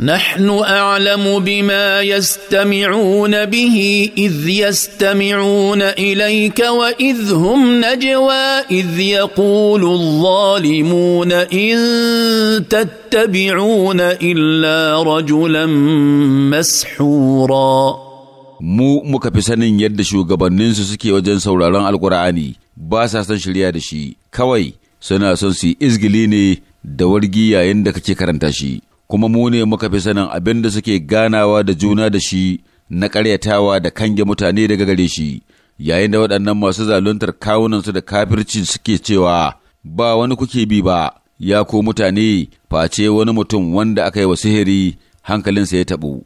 نحن اعلم بما يستمعون به اذ يستمعون اليك واذ هم نجوى اذ يقول الظالمون ان تتبعون الا رجلا مسحورا mu muka fi sanin yadda shugabanninsu suke wajen sauraron alkur'ani ba sa son shirya da shi kawai suna son su yi izgili ne da wargi yayin da kake karanta shi kuma mu ne muka fi sanin abin da suke ganawa da juna da shi na karyatawa da kange mutane daga gare shi yayin da waɗannan masu zaluntar kawunansu da kafirci suke cewa ba wani kuke bi ba ya ko mutane face wani mutum wanda aka yi wa sihiri hankalinsa ya taɓu